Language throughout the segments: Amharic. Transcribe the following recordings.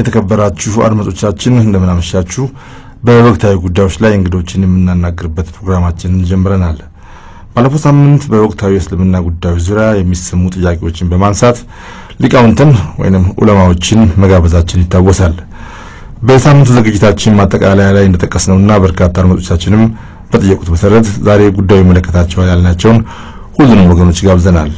የተከበራችሁ አድማጮቻችን እንደምናመሻችሁ። በወቅታዊ ጉዳዮች ላይ እንግዶችን የምናናግርበት ፕሮግራማችንን ጀምረናል። ባለፈው ሳምንት በወቅታዊ እስልምና ጉዳዮች ዙሪያ የሚሰሙ ጥያቄዎችን በማንሳት ሊቃውንትን ወይም ዑለማዎችን መጋበዛችን ይታወሳል። በሳምንቱ ዝግጅታችን ማጠቃለያ ላይ እንደጠቀስነውና በርካታ አድማጮቻችንም በጠየቁት መሰረት ዛሬ ጉዳዩ ይመለከታቸዋል ያልናቸውን ሁሉንም ወገኖች ጋብዘናል።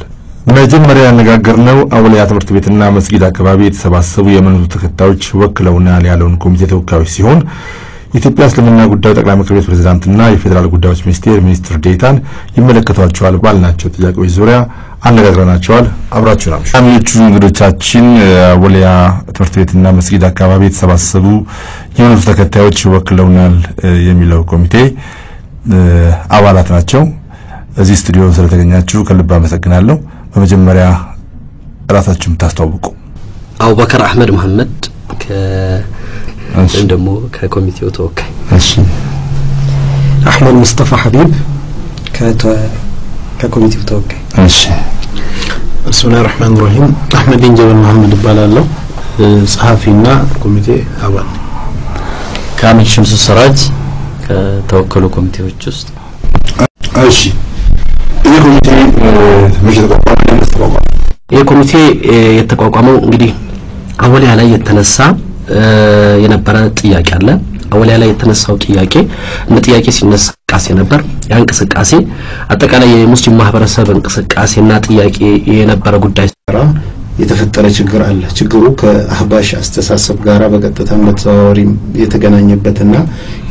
መጀመሪያ ያነጋገርነው አውሊያ ትምህርት ቤትና መስጊድ አካባቢ የተሰባሰቡ የእምነቱ ተከታዮች ወክለውናል ያለውን ኮሚቴ ተወካዮች ሲሆን የኢትዮጵያ እስልምና ጉዳዮች ጠቅላይ ምክር ቤት ፕሬዝዳንትና የፌዴራል ጉዳዮች ሚኒስቴር ሚኒስትር ዴታን ይመለከቷቸዋል ባልናቸው ጥያቄዎች ዙሪያ አነጋግረናቸዋል። አብራችሁ ናቸው። ቀዳሚዎቹ እንግዶቻችን ወልያ ትምህርት ቤትና መስጊድ አካባቢ የተሰባሰቡ የእምነቱ ተከታዮች ወክለውናል የሚለው ኮሚቴ አባላት ናቸው። እዚህ ስቱዲዮ ስለተገኛችሁ ከልብ አመሰግናለሁ። በመጀመሪያ ራሳችሁ የምታስተዋውቁ አቡበከር አህመድ መሐመድ ወይም ደግሞ ከኮሚቴው ተወካይ። እሺ አህመድ ሙስጠፋ ሀቢብ ከኮሚቴው ተወካይ። እሺ ብስሚላህ ረህማን ራሂም አህመድ ጀበል መሐመድ እባላለሁ። ጸሐፊና ኮሚቴ አባል ነኝ። ከአመድ ሰራጅ ከተወከሉ ኮሚቴዎች ውስጥ እሺ ይህ ኮሚቴ መቼ ተቋቋመ? ይህ ኮሚቴ የተቋቋመው እንግዲህ አወሊያ ላይ የተነሳ የነበረ ጥያቄ አለ። አወሊያ ላይ የተነሳው ጥያቄ እንደ ጥያቄ ሲነሳ እንቅስቃሴ ነበር። ያ እንቅስቃሴ አጠቃላይ የሙስሊም ማህበረሰብ እንቅስቃሴና ጥያቄ የነበረ ጉዳይ የተፈጠረ ችግር አለ። ችግሩ ከአህባሽ አስተሳሰብ ጋራ በቀጥታ በተዘዋዋሪ የተገናኘበትና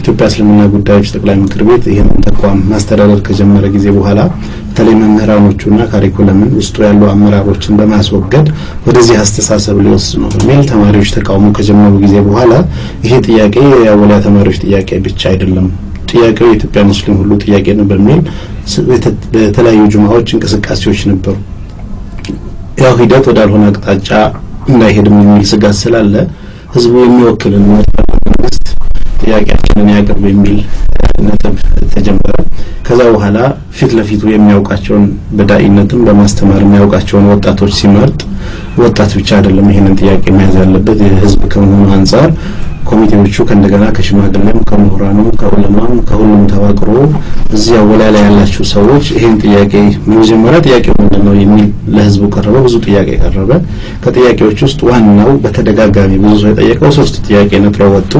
ኢትዮጵያ እስልምና ጉዳዮች ጠቅላይ ምክር ቤት ይህንን ተቋም ማስተዳደር ከጀመረ ጊዜ በኋላ በተለይ መምህራኖቹና ካሪኩለምን ውስጡ ያሉ አመራሮችን በማስወገድ ወደዚህ አስተሳሰብ ሊወስድ ነው በሚል ተማሪዎች ተቃውሞ ከጀመሩ ጊዜ በኋላ ይሄ ጥያቄ የአወሊያ ተማሪዎች ጥያቄ ብቻ አይደለም፣ ጥያቄው የኢትዮጵያ ሙስሊም ሁሉ ጥያቄ ነው በሚል በተለያዩ ጁማዎች እንቅስቃሴዎች ነበሩ። ያው ሂደት ወዳልሆነ አቅጣጫ እንዳይሄድም የሚል ስጋት ስላለ ህዝቡ የሚወክልን መንግስት ጥያቄያችንን ያቅርብ የሚል ነጥብ ተጀመረ። ከዛ በኋላ ፊት ለፊቱ የሚያውቃቸውን በዳኢነትም በማስተማር የሚያውቃቸውን ወጣቶች ሲመርጥ ወጣት ብቻ አይደለም ይሄንን ጥያቄ መያዝ ያለበት የህዝብ ከመሆኑ አንጻር ኮሚቴዎቹ ከእንደገና ከሽማግሌም ከምሁራኑም ከዑለማም ከሁሉም ተዋቅሮ እዚህ አወላይ ላይ ያላችሁ ሰዎች ይህን ጥያቄ በመጀመሪያ ጥያቄው ምንድን ነው የሚል ለህዝቡ ቀረበ። ብዙ ጥያቄ ቀረበ። ከጥያቄዎች ውስጥ ዋናው በተደጋጋሚ ብዙ ሰው የጠየቀው ሶስት ጥያቄ ነጥረው ወጡ።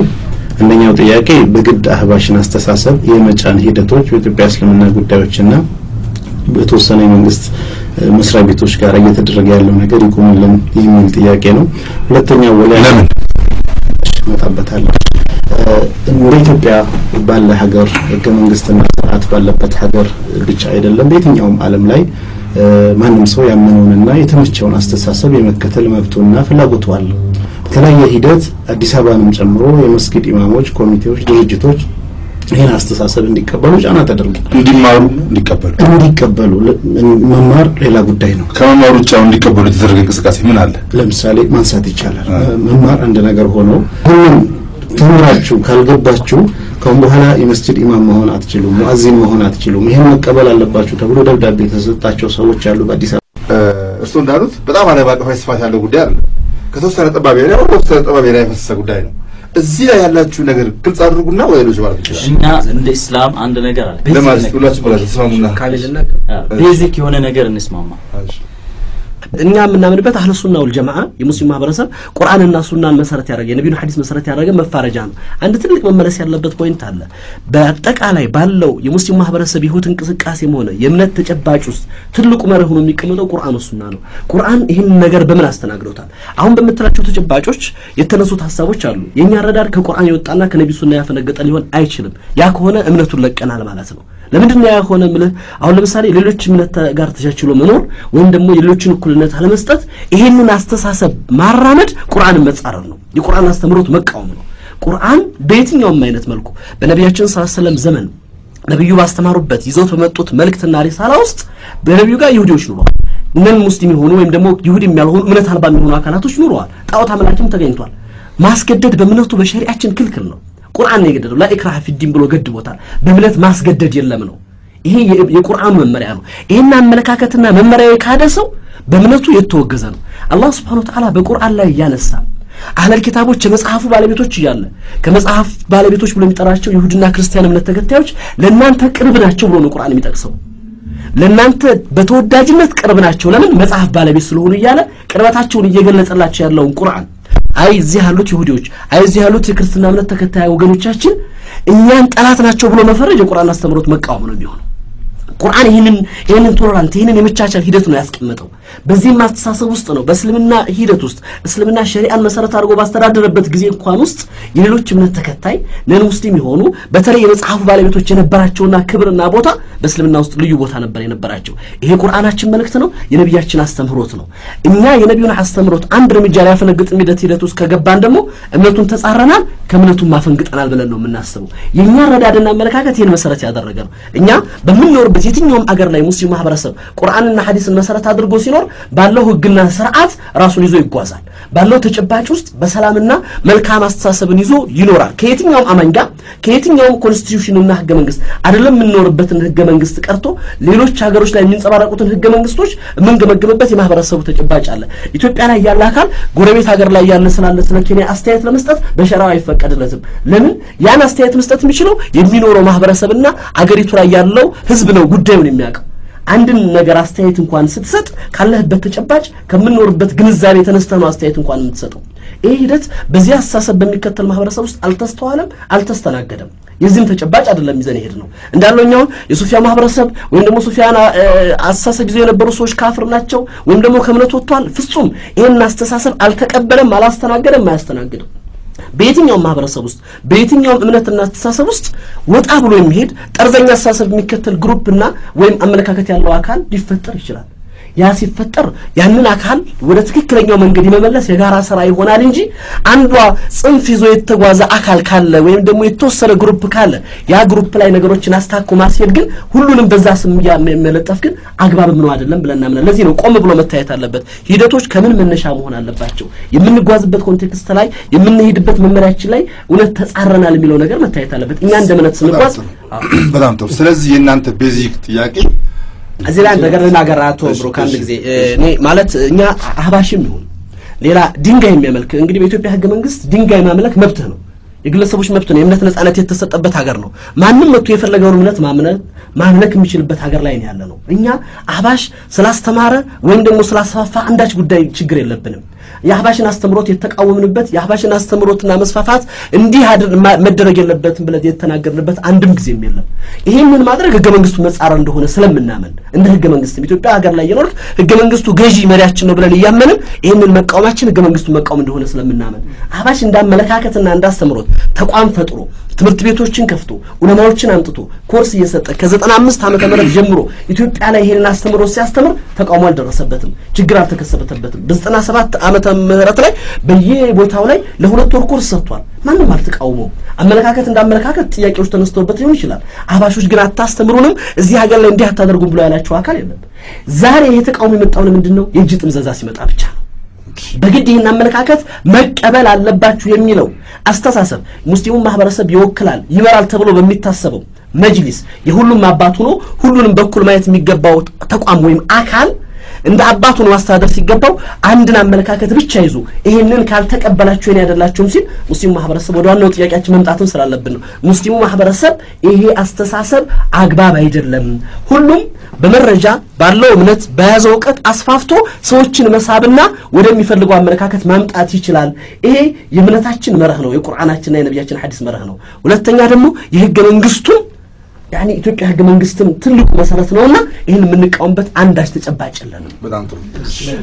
አንደኛው ጥያቄ በግድ አህባሽን አስተሳሰብ የመጫን ሂደቶች በኢትዮጵያ እስልምና ጉዳዮችና በተወሰነ የመንግስት መስሪያ ቤቶች ጋር እየተደረገ ያለው ነገር ይቁምልን የሚል ጥያቄ ነው። ሁለተኛው ወላይ ትመጣበታለች። እንደ ኢትዮጵያ ባለ ሀገር ህገ መንግስትና ስርዓት ባለበት ሀገር ብቻ አይደለም በየትኛውም ዓለም ላይ ማንም ሰው ያመነውንና የተመቸውን አስተሳሰብ የመከተል መብቱና ፍላጎቱ አለ። በተለያየ ሂደት አዲስ አበባንም ጨምሮ የመስጊድ ኢማሞች፣ ኮሚቴዎች፣ ድርጅቶች ይህን አስተሳሰብ እንዲቀበሉ ጫና ተደርጓል። እንዲማሩ እንዲቀበሉ እንዲቀበሉ መማር ሌላ ጉዳይ ነው። ከመማሩ ውጭ አሁን እንዲቀበሉ የተደረገ እንቅስቃሴ ምን አለ? ለምሳሌ ማንሳት ይቻላል። መማር አንድ ነገር ሆኖ ሁሉም ተምራችሁ ካልገባችሁ ከአሁን በኋላ የመስጅድ ኢማም መሆን አትችሉም፣ ሙአዚን መሆን አትችሉም፣ ይህን መቀበል አለባችሁ ተብሎ ደብዳቤ የተሰጣቸው ሰዎች አሉ። በአዲስ አበባ እርስዎ እንዳሉት በጣም ዓለም አቀፋዊ ስፋት ያለው ጉዳይ አለ። ከተወሰነ ጠባቢ ላይ ተወሰነ ላይ የፈሰሰ ጉዳይ ነው። እዚህ ላይ ያላችሁ ነገር ግልጽ አድርጉና ወይ ልጅ ማለት ይችላል። እና እንደ እስላም አንድ ነገር አለ ለማለት ሁላችሁ ብላችሁ ተስማሙና ቤዚክ የሆነ ነገር እንስማማ። እኛ የምናምንበት አህለ ሱና ወል ጀማዓ የሙስሊም ማህበረሰብ ቁርአንና ሱናን መሰረት ያደረገ የነቢዩን ሐዲስ መሰረት ያደረገ መፋረጃ ነው። አንድ ትልቅ መመለስ ያለበት ፖይንት አለ። በአጠቃላይ ባለው የሙስሊም ማህበረሰብ የህይወት እንቅስቃሴም ሆነ የእምነት ተጨባጭ ውስጥ ትልቁ መርህ ሆኖ የሚቀመጠው ቁርአን ሱና ነው። ቁርአን ይህን ነገር በምን አስተናግዶታል? አሁን በምትላቸው ተጨባጮች የተነሱት ሀሳቦች አሉ። የእኛ አረዳድ ከቁርአን የወጣና ከነቢ ሱና ያፈነገጠ ሊሆን አይችልም። ያ ከሆነ እምነቱን ለቀናል ማለት ነው። ለምንድን ነው ያሆነ የምልህ አሁን ለምሳሌ ሌሎች እምነት ጋር ተቻችሎ መኖር ወይም ደግሞ የሌሎችን እኩልነት አለመስጠት ይሄንን አስተሳሰብ ማራመድ ቁርአንን መጻረር ነው የቁርአን አስተምሮት መቃወም ነው ቁርአን በየትኛውም አይነት መልኩ በነቢያችን ሰለላሁ ዐለይሂ ዘመን ነቢዩ ባስተማሩበት ይዘው በመጡት መልእክትና ሪሳላ ውስጥ በነቢዩ ጋር ይሁዲዎች ኑረዋል ነን ሙስሊም የሆኑ ወይም ደግሞ ይሁድ የሚያልሆኑ እምነት አልባ የሚሆኑ አካላቶች ኑረዋል ጣዖት አምላኪም ተገኝቷል ማስገደድ በእምነቱ በሸሪአችን ክልክል ነው ቁርአን ነው የገደደው ላኢክራህ ፊዲን ብሎ ገድቦታል በእምነት ማስገደድ የለም ነው ይሄ የቁርአኑ መመሪያ ነው ይህን አመለካከትና መመሪያ የካደ ሰው በእምነቱ የተወገዘ ነው አላህ ስብሓን ተዓላ በቁርአን ላይ እያነሳ አህለል ኪታቦች የመጽሐፉ ባለቤቶች እያለ ከመጽሐፍ ባለቤቶች ብሎ የሚጠራቸው ይሁድና ክርስቲያን እምነት ተከታዮች ለእናንተ ቅርብ ናቸው ብሎ ነው ቁርአን የሚጠቅሰው ለእናንተ በተወዳጅነት ቅርብ ናቸው ለምን መጽሐፍ ባለቤት ስለሆኑ እያለ ቅርበታቸውን እየገለጸላቸው ያለውን ቁርአን አይ እዚህ ያሉት ይሁዲዎች፣ አይ እዚህ ያሉት የክርስትና እምነት ተከታይ ወገኖቻችን እኛን ጠላት ናቸው ብሎ መፈረጅ የቁርአን አስተምሮት መቃወም ነው የሚሆነው። ቁርአን ይህንን ይህንን ቶለራንት ይህንን የመቻቻል ሂደት ነው ያስቀመጠው። በዚህም አስተሳሰብ ውስጥ ነው በእስልምና ሂደት ውስጥ እስልምና ሸሪአን መሰረት አድርጎ ባስተዳደረበት ጊዜ እንኳን ውስጥ የሌሎች እምነት ተከታይ ነን ሙስሊም የሆኑ በተለይ የመጽሐፉ ባለቤቶች የነበራቸውና ክብርና ቦታ በእስልምና ውስጥ ልዩ ቦታ ነበር የነበራቸው። ይሄ ቁርአናችን መልእክት ነው፣ የነቢያችን አስተምህሮት ነው። እኛ የነቢዩን አስተምህሮት አንድ እርምጃ ሊያፈነግጥ የሚለት ሂደት ውስጥ ከገባን ደግሞ እምነቱን ተጻረናል፣ ከእምነቱን ማፈንግጠናል ብለን ነው የምናስበው። የእኛ ረዳድና አመለካከት ይህን መሰረት ያደረገ ነው። እኛ በምንኖርበት ቢያንስ የትኛውም አገር ላይ ሙስሊም ማህበረሰብ ቁርአንና ሐዲስን መሰረት አድርጎ ሲኖር ባለው ህግና ስርዓት ራሱን ይዞ ይጓዛል። ባለው ተጨባጭ ውስጥ በሰላምና መልካም አስተሳሰብን ይዞ ይኖራል። ከየትኛውም አማኝ ጋር ከየትኛውም ኮንስቲቱሽንና ህገ መንግስት አይደለም የምንኖርበትን ህገ መንግስት ቀርቶ ሌሎች ሀገሮች ላይ የሚንጸባረቁትን ህገ መንግስቶች የምንገመግምበት የማህበረሰቡ ተጨባጭ አለ። ኢትዮጵያ ላይ ያለ አካል ጎረቤት ሀገር ላይ ያለ ስላለ ስለ ኬንያ አስተያየት ለመስጠት በሸራው አይፈቀድለትም። ለምን? ያን አስተያየት መስጠት የሚችለው የሚኖረው ማህበረሰብና አገሪቱ ላይ ያለው ህዝብ ነው። ጉዳዩን የሚያውቀው አንድን ነገር አስተያየት እንኳን ስትሰጥ ካለህበት ተጨባጭ ከምንኖርበት ግንዛቤ የተነስተ ነው አስተያየት እንኳን የምትሰጠው። ይህ ሂደት በዚህ አስተሳሰብ በሚከተል ማህበረሰብ ውስጥ አልተስተዋለም፣ አልተስተናገደም። የዚህም ተጨባጭ አይደለም ይዘን ይሄድ ነው እንዳለው የሱፊያ ማህበረሰብ ወይም ደግሞ ሱፊያን አስተሳሰብ ይዘው የነበሩ ሰዎች ካፍር ናቸው ወይም ደግሞ ከእምነት ወጥቷል፣ ፍጹም ይህን አስተሳሰብ አልተቀበለም፣ አላስተናገደም፣ አያስተናግድም። በየትኛውም ማህበረሰብ ውስጥ በየትኛውም እምነትና አስተሳሰብ ውስጥ ወጣ ብሎ የሚሄድ ጠርዘኛ አስተሳሰብ የሚከተል ግሩፕና ወይም አመለካከት ያለው አካል ሊፈጠር ይችላል። ያ ሲፈጠር ያንን አካል ወደ ትክክለኛው መንገድ የመመለስ የጋራ ስራ ይሆናል እንጂ አንዷ ጽንፍ ይዞ የተጓዘ አካል ካለ ወይም ደግሞ የተወሰነ ግሩፕ ካለ ያ ግሩፕ ላይ ነገሮችን አስታኮ ማስሄድ ግን ሁሉንም በዛ ስም የሚለጠፍ ግን አግባብ ነው አይደለም ብለን እናምናለን። ለዚህ ነው ቆም ብሎ መታየት አለበት። ሂደቶች ከምን መነሻ መሆን አለባቸው? የምንጓዝበት ኮንቴክስት ላይ የምንሄድበት መመሪያችን ላይ እውነት ተጻረናል የሚለው ነገር መታየት አለበት። እኛ እንደ እምነት ስንጓዝ በጣም ጥሩ። ስለዚህ የእናንተ ቤዚክ ጥያቄ እዚህ ላይ ነገር ልናገር አቶ ብሮ አንድ ጊዜ እኔ ማለት እኛ አህባሽም ይሁን ሌላ ድንጋይ የሚያመልክ እንግዲህ በኢትዮጵያ ህገ መንግስት ድንጋይ ማምለክ መብትህ ነው፣ የግለሰቦች መብት ነው። የእምነት ነጻነት የተሰጠበት ሀገር ነው። ማንም መጥቶ የፈለገውን እምነት ማምለክ የሚችልበት ሀገር ላይ ነው ያለ ነው። እኛ አህባሽ ስላስተማረ ወይም ደግሞ ስላስፋፋ አንዳች ጉዳይ ችግር የለብንም። የአህባሽን አስተምሮት የተቃወምንበት የአህባሽን አስተምሮትና መስፋፋት እንዲህ መደረግ የለበትም ብለን የተናገርንበት አንድም ጊዜም የለም። ይህንን ማድረግ ህገ መንግስቱ መጻረር እንደሆነ ስለምናምን እንደ ህገ መንግስትም ኢትዮጵያ ሀገር ላይ የኖርክ ህገ መንግስቱ ገዢ መሪያችን ነው ብለን እያመንን ይህንን መቃወማችን ህገ መንግስቱ መቃወም እንደሆነ ስለምናምን አህባሽ እንዳመለካከትና እንዳስተምሮት ተቋም ፈጥሮ ትምህርት ቤቶችን ከፍቶ ዑለማዎችን አምጥቶ ኮርስ እየሰጠ ከዘጠና አምስት ዓመተ ምህረት ጀምሮ ኢትዮጵያ ላይ ይሄንን አስተምሮ ሲያስተምር ተቃውሞ አልደረሰበትም፣ ችግር አልተከሰበተበትም። በዘጠና ሰባት ዓመተ ምህረት ላይ በየቦታው ላይ ለሁለት ወር ኮርስ ሰጥቷል። ማንም አልተቃውሞም። አመለካከት እንደ አመለካከት ጥያቄዎች ተነስተውበት ሊሆን ይችላል። አባሾች ግን አታስተምሩንም፣ እዚህ ሀገር ላይ እንዲህ አታደርጉም ብሎ ያላቸው አካል የለም። ዛሬ ይሄ ተቃውሞ የመጣው ለምንድን ነው? የእጅ ጥምዘዛ ሲመጣ ብቻ ነው። በግድ ይህን አመለካከት መቀበል አለባችሁ የሚለው አስተሳሰብ ሙስሊሙን ማህበረሰብ ይወክላል ይመራል ተብሎ በሚታሰበው መጅሊስ የሁሉም አባት ሆኖ ሁሉንም በኩል ማየት የሚገባው ተቋም ወይም አካል እንደ አባቱን ማስተዳደር ሲገባው አንድን አመለካከት ብቻ ይዞ ይህንን ካልተቀበላችሁ የኔ አይደላችሁም ሲል ሙስሊሙ ማህበረሰብ ወደ ዋናው ጥያቄያችን መምጣትም ስላለብን ነው። ሙስሊሙ ማህበረሰብ ይሄ አስተሳሰብ አግባብ አይደለም። ሁሉም በመረጃ ባለው እምነት በያዘው እውቀት አስፋፍቶ ሰዎችን መሳብና ወደሚፈልገው አመለካከት ማምጣት ይችላል። ይሄ የእምነታችን መርህ ነው። የቁርአናችንና የነቢያችን ሐዲስ መርህ ነው። ሁለተኛ ደግሞ የህገ መንግስቱን ያኔ ኢትዮጵያ ህገ መንግስትም ትልቁ መሰረት ነውና ይህን የምንቃወምበት አንዳች ተጨባጭ የለንም። በጣም ጥሩ